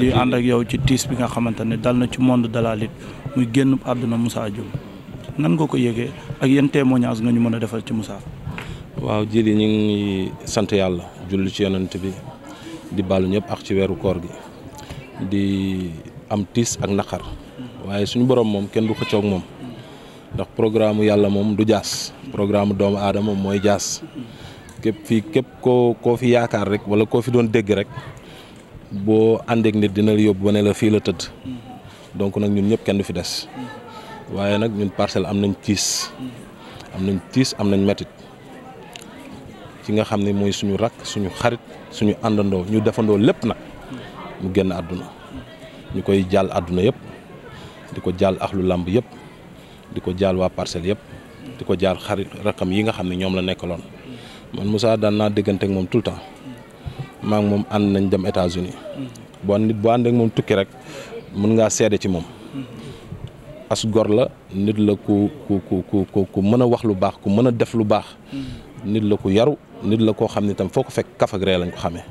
di ànd ak yow ci tiis bi nga xamante ne dal na ci monde de la lutte muy génn àdduna Moussa Dioum nan nga ko yëgee ak yan témoignage nga ñu mën a defal ci musaa waaw jëli ñu ngi sant yàlla julli ci yonent bi di baalu ñëpp ak ci weeru koor gi di am tiis ak naqar waaye suñu borom moom kenn du xëccoog moom ndax programme yàlla moom du jaas programme doomu moom mooy jaas képp fii képp koo koo fi yaakaar rek wala koo fi doon dégg rek. boo àndeek nit dina la yóbbu ba ne la fii la tëdd donc nag ñun ñëpp kenn du fi des waaye nag ñun parcelle am nañ tiis am na tiis am nañ metit ci nga xam ne mooy suñu rakk suñu xarit suñu àndandoo ñu defandoo lépp nag mu génn àdduna ñu koy jaal àdduna yëpp di ko jaal axlu làmb yëpp di ko jaal waa parcelle yëpp di ko jaal xarit rakkam yi nga xam ne ñoom la nekkaloon man musaa daan naa diggante ak moom tout temps maa moom ànd nañ dem États-Unis bon nit bu ànd ak moom tukki rek mën ngaa seede ci moom as gor la nit la ku ku ku ku ku mën a wax lu baax ku mën a def lu baax nit la ku yaru nit la koo xam ne tam foo ko fekk kaf ree lañ ko xamee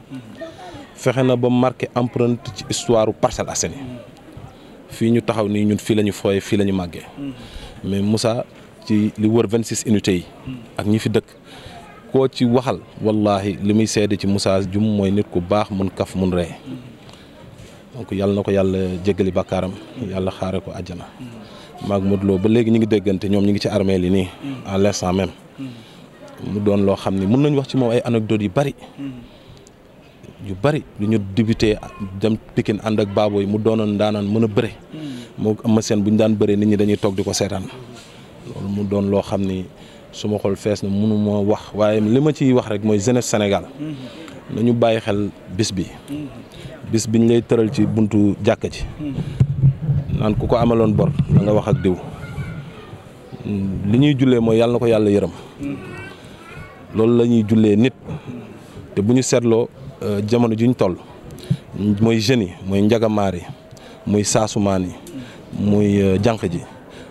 fexe na ba marqué empreinte ci histoire Parcelles Assainies fii ñu taxaw nii ñun fii la ñu fooyee fii la màggee mais Moussa ci li wër vingt six unités yi ak ñi fi dëkk koo ci waxal wallahi li muy seede ci Moussa Dioum mooy nit ku baax mun kaf mun ree donc yàlla na ko yàlla jégali bakkaaram yàlla xaare ko ajana maag Modou Lo ba léegi ñu ngi déggante ñoom ñu ngi ci armée li nii à l'instant même mu doon loo xam ni mun nañ wax ci moom ay anecdotes yu bari yu bari lu ñu débuté dem Pikine ànd ak baabo yi mu doonoon daanaan mën a bëre moo am seen bu ñu daan bëree nit ñi dañuy toog di ko seetaan loolu mu doon loo xam ni suma xol fees na mënu wax waaye li ma ciy wax rek mooy jeunesse Sénégal nañu bàyyi xel bis bi bis biñ lay tëral ci buntu jàkka ji naan ku ko amaloon bor da nga wax ak diw li ñuy jullee mooy yàlla na ko yàlla yërëm loolu lañuy ñuy jullee nit te bu ñu seetloo euh, jamono ji ñu toll mooy jeunes yi mooy njagamaar yi muy saasumaan yi muy euh, jànq ji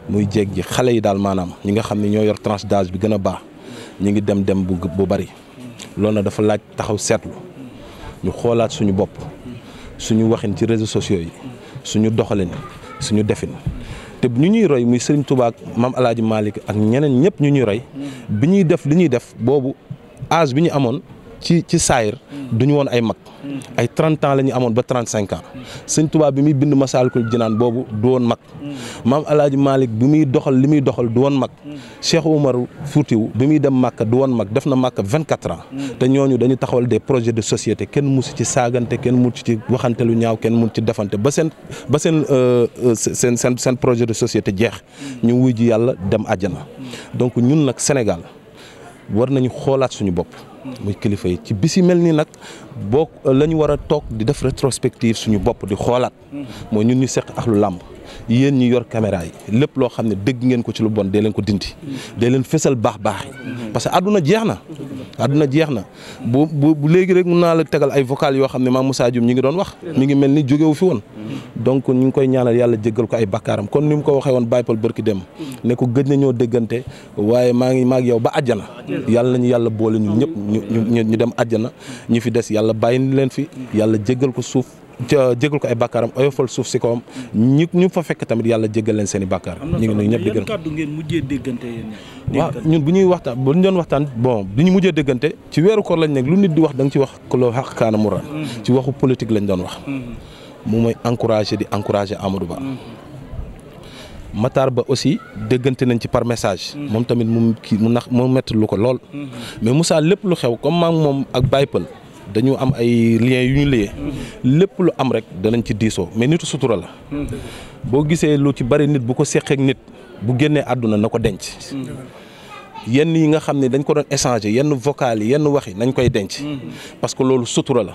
muy jéeg ji xale yi daal maanaam ñi nga xam ne ñoo yor tranche d'âge bi gën a baax ñu ngi dem dem bu bu bari lool na dafa laaj taxaw seetlu ñu xoolaat suñu bopp suñu waxin ci réseaux sociaux yi suñu doxalin suñu defin te ñu ñuy roy muy Serigne tubaak ak maam El Hadj ak ñeneen ñëpp ñu ñuy roy bi ñuy def li ñuy def boobu âge bi ñu amoon ci ci saayir du ñu woon ay mag ay trente ans la ñu amoon ba trente cinq ans suñ tubaab bi muy bind Masaalikul Jinaan boobu du woon mag maam Alaaji Malick bi muy doxal li muy doxal du woon mag Cheikh Oumar Foutiou bi muy dem Màkka du woon mag def na Màkka vingt quatre ans te ñooñu dañu taxawal de projet de société kenn musu ci saagante kenn musu ci waxante lu ñaaw kenn mun ci defante ba seen ba seen euh, euh, seen seen seen projet de société jeex ñu wuy ji yàlla dem àjjana donc ñun nag Sénégal war nañu xoolaat suñu bopp. muy kilifa yi ci bis yi mel nii nag boo la war a toog di def rétrospective suñu bopp di xoolaat. mooy ñun ñu seq ak lu làmb yéen ñu yor caméra yi lépp loo xam ne dëgg ngeen ko ci lu bon dee leen ko dindi. dee leen fësal baax baax yi. parce que àdduna jeex na. àdduna jeex na bu bu léegi rek mun naa la tegal ay vocal yoo xam ne maam Moussa Dioum ñi ngi doon wax mi ngi mel ni jógewu fi woon donc ñu ngi koy ñaanal yàlla jéggal ko ay bakkaaram kon ni mu ko waxee woon Baipal bërki dem mm. ne ko gëj na ñoo déggante waaye maa ngi maag yow ba àjjana ah, yàlla ñu yàlla boole ñu ñëpp ñu ñu dem àjjana ñu fi des yàlla bàyyi leen fi mm. yàlla jéggal ko suuf jégal ko ay bàkkaaram oyofal suuf si kawam ñi ñu fa fekk tamit yàlla jégal leen seen i bàkkaar ñu ngi ñëpp di gërëm kàddu ngeen mujjee déggante yéen waaw ñun bu ñuy waxtaan bu ñu doon waxtaan bon bi ñu mujjee déggante ci weeru koor lañ ne lu nit di wax da nga ci wax loo xaq kaana mu mm-hmm. ci waxu politique lañ doon wax mu mm-hmm. mooy encouragé di encouragé Amadou Ba mm-hmm. Matar Ba aussi dëggante nañ ci par message moom tamit mu kii mu nax mu metti lu ko lool mais Moussa lépp lu xew comme maag moom ak Baye Pël dañu am ay liens yu ñu liyee lépp lu am rek danañ ci diisoo mais nitu sutura la boo gisee lu ci bari nit bu ko seqeek nit bu génnee àdduna na ko denc yenn yi nga xam ne dañ ko doon échanger yenn vocal yenn wax yi nañ koy denc parce que loolu sutura la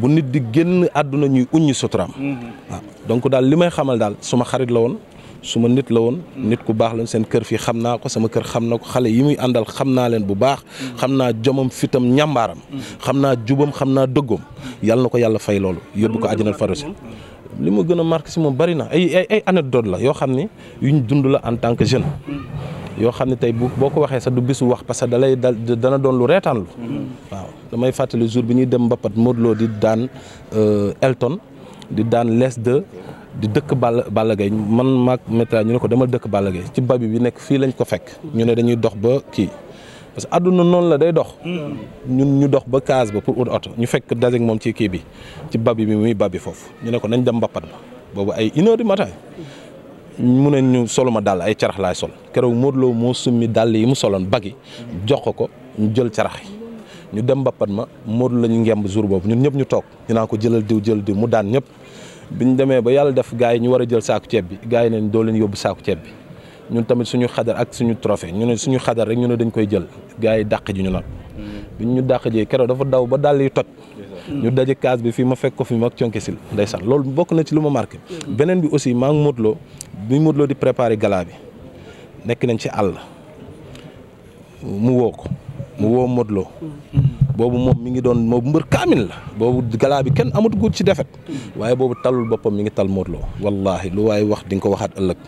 bu nit di génn àdduna ñuy uññi suturaam mm-hmm. waaw donc daal li may xamal daal suma xarit la woon su ma nit la woon nit ku baax lañ seen kër fii xam naa ko sama kër xam na ko xale yi muy àndal xam naa leen bu baax xam naa jomam fitam ñàmbaaram xam naa jubam xam naa dëggoom yàlla na ko yàlla fay loolu yóbbu ko àjjanal farosi li ma gën a marqué si moom bari na ay ay ay anecdote la yoo xam ne yu ñu dund la en tant que jeune yoo xam ne tey bu boo ko waxee sax du bisu wax parce que da lay dal dana doon lu reetaanlu waaw damay fàttali jour bi ñuy dem mbappat Modou Lo di daan euh, Elton di daan les de di dëkk ball ball Gaye man maag météo ñu ne ko demal dëkk Balla Gaye ci babi bi nekk fii lañ ko fekk. ñu ne dañuy dox ba kii parce que àdduna noonu la day dox. Hmm. ñun ñu dox ba case ba pour ut oto ñu fekk dajeeg moom ci kii bi ci babi bi muy babi foofu ñu ne ko nañ dem mbappat ba boobu ay une heure du matin. mu ne ñu soluma dal ay carax sol keroog Modou Lo moo summi dàll yi mu soloon bagi jox ko ko ñu jël carax yi. ñu dem mbappat ma Modou la ñu ngemb jour boobu ñun ñëpp ñu toog ñu naa ko jëlal diw jëlal diw mu daan ñëpp ñu demee ba yàlla def gars yi ñu war a jël saaku ceeb bi gars yi neen doo leen yóbbu saaku ceeb bi ñun tamit suñu xadar ak suñu trophée ñu ne suñu xadar ñu ne dañ koy jël gars yi dàq ji ñu nag mm. biñ ñu dàq ji keroog dafa daw ba dàll yi toj mm. ñu daje case bi fii ma fekk ko fi mag conke sil ndeysaan loolu bokk na ci lu ma marqué mm. beneen bi aussi maa ngi Modou bi Modou di préparé galaa bi nekk nañ ci àll mu woo ko mu woo Modou boobu moom mi ngi doon moom mbër kaamil la boobu galaa bi kenn amatu ko ci defet waaye boobu talul boppam mi ngi tal mootloo Lo wallaahi lu waaye wax di nga ko waxaat ëllëg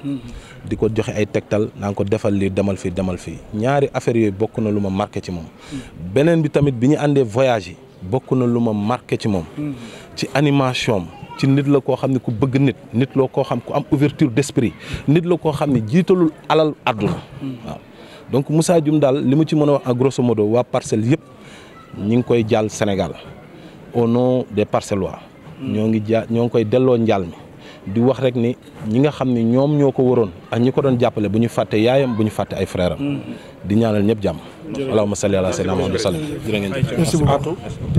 di ko joxe ay tegtal naa ko defal lii demal fii demal fii ñaari affaire yooyu bokk na lu ma marqué ci moom beneen bi tamit ñu àndee voyage yi bokk na lu ma marqué ci moom ci animation ci nit la koo xam ne ku bëgg nit nit loo koo xam ku am ouverture d'esprit nit la koo xam ne jiitalul alal àdduna mm. waaw donc Moussa Dioum daal li mu ci mën a wax en grosso modo waa parcelle yëpp ñi ngi koy jàll senegal au nom des Parcellois. ñoo ngi ja ñoo ngi koy delloo njaal mi di wax rek ni ñi nga xam ni ñoom ñoo ko waroon ak ñi ko doon jàppale bu ñu fàttee yaayam bu ñu fàtte ay frère mm-hmm. di ñaanal ñëpp jàmm. allahumma salli ala sayyidina Muhammad sallam jërë ngeen